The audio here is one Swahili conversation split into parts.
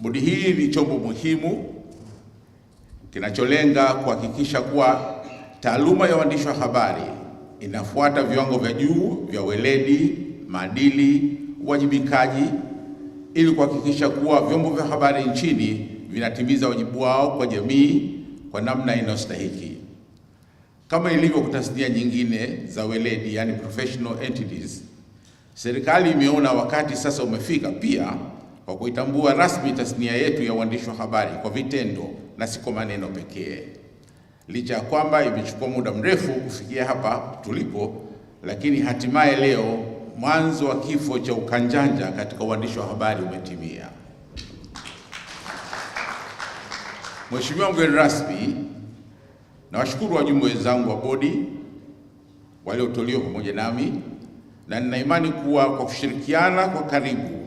Bodi hii ni chombo muhimu kinacholenga kuhakikisha kuwa taaluma ya uandishi wa habari inafuata viwango vya juu vya weledi, maadili, uwajibikaji ili kuhakikisha kuwa vyombo vya habari nchini vinatimiza wajibu wao kwa jamii kwa namna inayostahiki. Kama ilivyo kwa tasnia nyingine za weledi, yani professional entities, serikali imeona wakati sasa umefika pia kwa kuitambua rasmi tasnia yetu ya uandishi wa habari kwa vitendo na si kwa maneno pekee. Licha ya kwamba imechukua muda mrefu kufikia hapa tulipo, lakini hatimaye leo mwanzo wa kifo cha ukanjanja katika uandishi wa habari umetimia. Mheshimiwa mgeni rasmi, nawashukuru wajumbe wenzangu wa bodi walioteuliwa pamoja nami, na nina imani kuwa kwa kushirikiana kwa karibu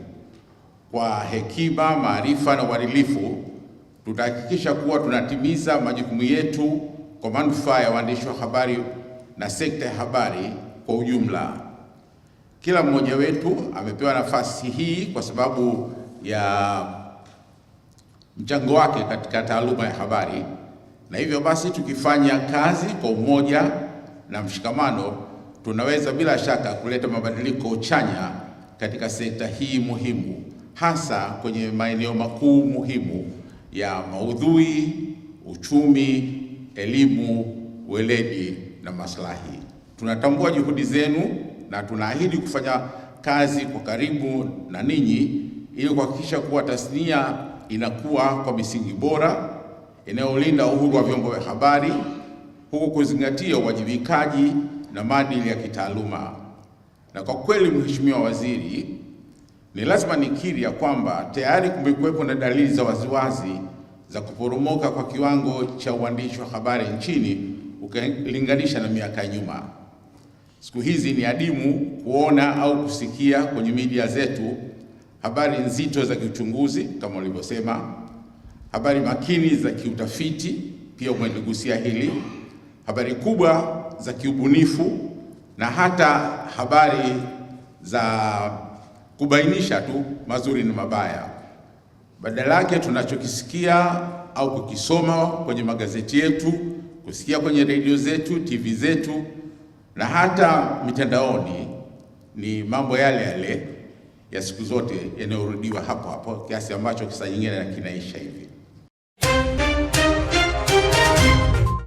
kwa hekima, maarifa na uadilifu, tutahakikisha kuwa tunatimiza majukumu yetu kwa manufaa ya waandishi wa habari na sekta ya habari kwa ujumla. Kila mmoja wetu amepewa nafasi hii kwa sababu ya mchango wake katika taaluma ya habari, na hivyo basi tukifanya kazi kwa umoja na mshikamano, tunaweza bila shaka kuleta mabadiliko chanya katika sekta hii muhimu hasa kwenye maeneo makuu muhimu ya maudhui, uchumi, elimu, weledi na maslahi. Tunatambua juhudi zenu na tunaahidi kufanya kazi kwa karibu na ninyi ili kuhakikisha kuwa tasnia inakuwa kwa misingi bora inayolinda uhuru wa vyombo vya habari huku kuzingatia uwajibikaji na maadili ya kitaaluma. Na kwa kweli, Mheshimiwa Waziri ni lazima nikiri ya kwamba tayari kumekuwepo na dalili za waziwazi za kuporomoka kwa kiwango cha uandishi wa habari nchini ukilinganisha na miaka ya nyuma. Siku hizi ni adimu kuona au kusikia kwenye media zetu habari nzito za kiuchunguzi kama ulivyosema, habari makini za kiutafiti, pia umeligusia hili, habari kubwa za kiubunifu na hata habari za kubainisha tu mazuri na mabaya. Badala yake tunachokisikia au kukisoma kwenye magazeti yetu, kusikia kwenye redio zetu, TV zetu na hata mitandaoni ni mambo yale yale ya siku zote yanayorudiwa hapo hapo, kiasi ambacho kisa nyingine na kinaisha hivi.